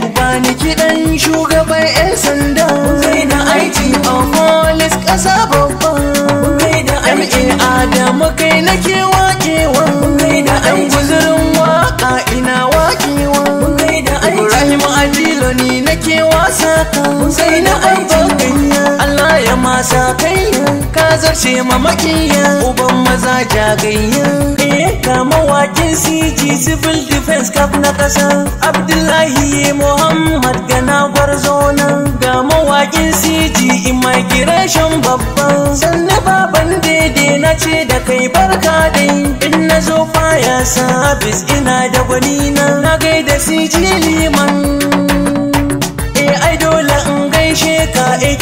ku bani kiɗan shugaban 'yan sanda kai da aiki a polis ƙasa babba kai da aiki adamu kai nake wakewa kai da aiki guzurin waka ina wakewa kai da aiki ibrahim ajilo ni nake wasa ka kai da aiki Allah ya masa kai ka zarce mamakiya uban maza jagayya Eka mawakin CG Civil Defense cap na kasa Abdullahi Muhammad Gana nan. Ga mawakin CG Immigration babban Sannu baban daidai na ce da kai barka dai In na zo faya sabis ina da gwanina Na gaida CG Liman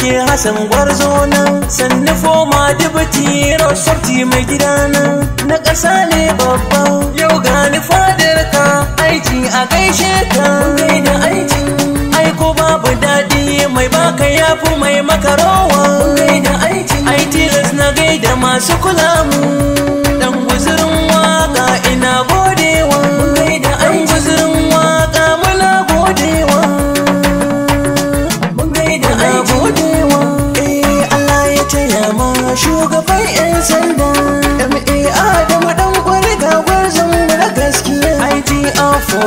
ke hasan gwarzo nan sannu foma dubuti rosorti mai gida nan na ƙasa ne babba yau gani fadar ka aiki a gaishe ka kai da ai aiko babu daɗi mai baka yafi mai makarowa kai da aikin ai na gaida masu kula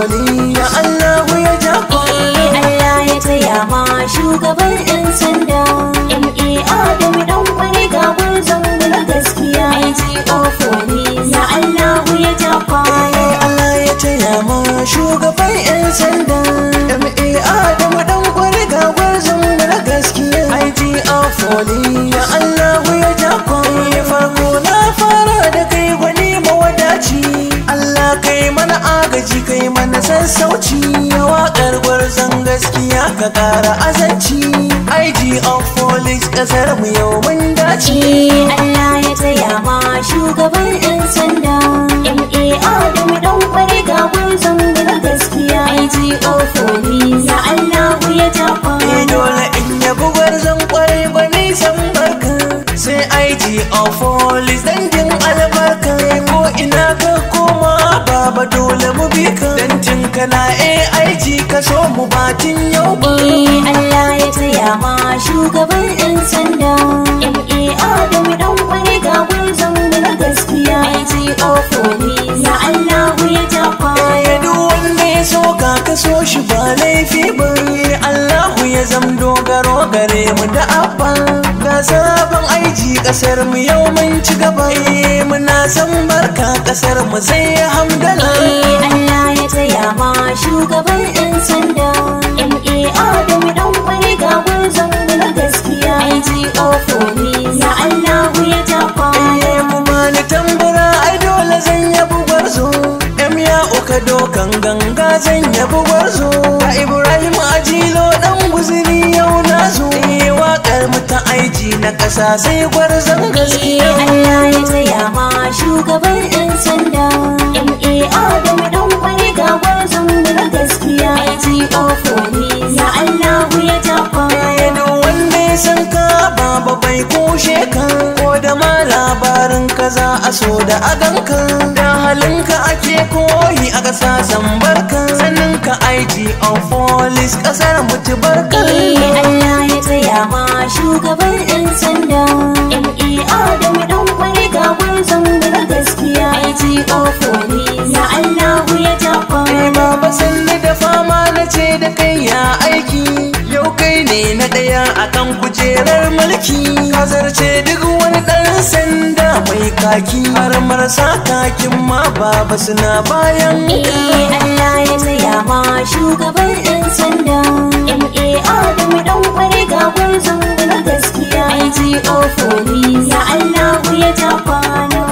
koli ya Allah ya ja koli eh, Allah ya taya ma shugaban yan sanda e Adam dan ga gurzon gaskiya IGO e koli ya Allah ya ja koli eh, Allah ya taya ma shugaban yan sanda e Adam dan ga gurzon gaskiya IGO koli ya Allah ya ja koli farko na fara da kai gwani mawadaci Allah kai mana agaji kai mana sassauci waƙar gwarzon gaskiya ka ƙara azanci IG of police ƙasar mu yau mun dace Allah ya taya ma shugaban 'yan sanda MA Dantin kana AIG ka so mu batin yau ba. Eh, Allah ya tsaya ma shugaban ɗin sanda. MAR da mu dan wani ga gwarzon mu na gaskiya. IGO police ya Allahu ya jafa. Ya duk wanda ya so ka ka so shi ba laifi ba. Allahu ya zam dogaro gare mu da abba. Ga sabon aiki kasar mu yau mun ci gaba. Eh, muna san barka kasar mu sai hamdala. Eh, taya ma shugaban ɗan sanda mea da mu ɗan kwari ga gurzon na gaskiya igo foni ya allahu ya tafa. eh mu ma ni tambura ai dole zan yabu gwarzo ya uka dokan ganga zan yabu gwarzo ka ibrahim ajilo ɗan guzuri yau na zo eh waƙar mu ta aiki na kasa sai gwarzon gaskiya allah ya taya ma shugaban za a so da aganka da halinka ake koyi a ƙasa san barka sanin ka IG of police ƙasar mutu barka eh, Allah ya tsaya ma shugaban ɗan sanda MER da mu ɗan kwari ga gwarzon da gaskiya IG of police ya Allah ya jafa eh, Baba sanni da fama na ce da kai ya aiki yau kai ne na ɗaya a kan kujerar mulki ka zarce duk wani ɗan sanda mai kaki marmar sa takin ma baba suna bayan Eh Allah ya tsaya ma shugaban ɗan sanda MAR da mu dan kware ga gwarzon gaskiya IGO police ya Allah ya ta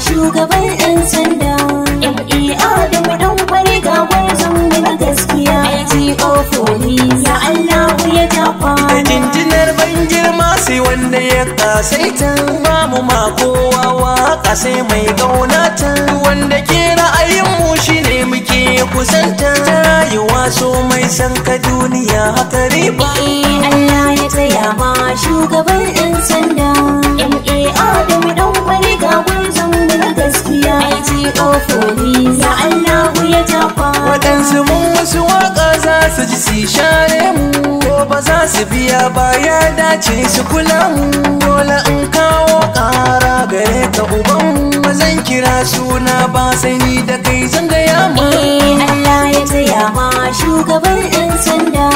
shugaban 'yan sanda MEA da mudan kwari ga gwarzon na gaskiya IGO police ya Allah ya tafa jinjinar ban girma sai wanda ya kasaita ba ma kowa sai mai gaunata wanda ke ra'ayin mu shine muke kusanta ta rayuwa so mai san ka duniya haka riba eh, Allah ya tsaya ma shugaban ɗan sanda MEA da si share mu ko ba za su biya ba ya dace su kula mu dole in kawo ƙara gare ka uban ba zan kira suna ba sai ni da kai zan gaya ma eh, Allah ya tsaya ma shugaban ɗan sanda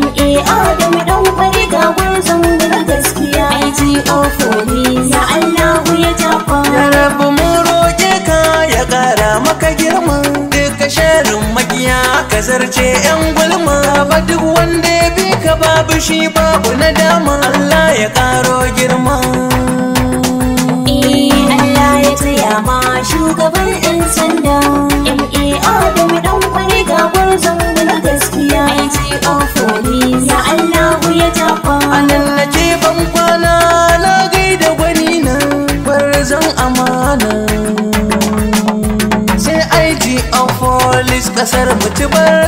MAA da mu dan fari ga gwarzon da gaskiya IGO police ya Allah ya jafa ya rabu mu roƙe ka ya ƙara maka girma duka sharin makiya ka zarce 'yan ka ba duk wanda ya bi ka babu shi babu na dama Allah ya karo girma eh, Allah ya tsaya ma shugaban 'yan sanda MA Adam ɗan kwari ga gwarzon na gaskiya ITO police ya Allah ya tafa anan na ce ban kwana na gaida gwani na gwarzon amana sai IGO police kasar mutubar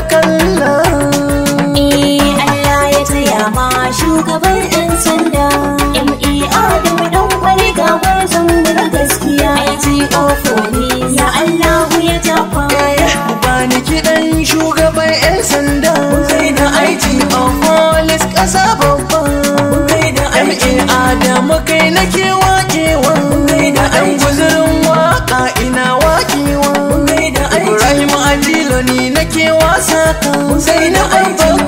kuma kai nake wakewa da ɗan guzurin waka ina wakewa Ibrahim Ajilo ni nake wasa ka sai na aiki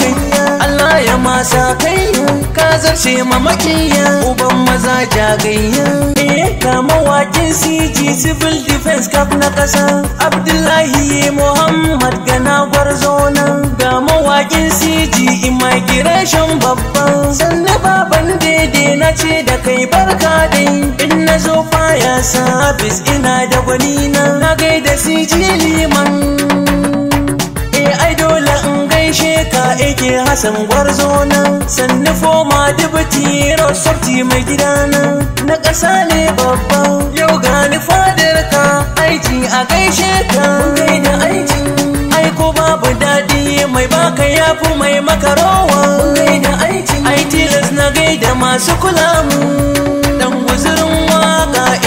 sa kai ka zarce mamakiya uban maza jagayya eh ka mawakin CG civil defense cup na kasa Abdullahi Muhammad gana gwarzona ga mawakin CG immigration babban sannan baban daidai na ce da kai barka dai in na zo faya sabis ina da gwanina na gaida CG liman ake Hassan gwarzo na sannu foma dubuti rosofti mai gidana na ƙasa ne babba yau gani fadar ka aiki a gaishe ka kai da aiki aiko babu daɗi mai baka yafu mai makarowa kai da aiki ai tilas na gaida masu kula mu dan guzurin waka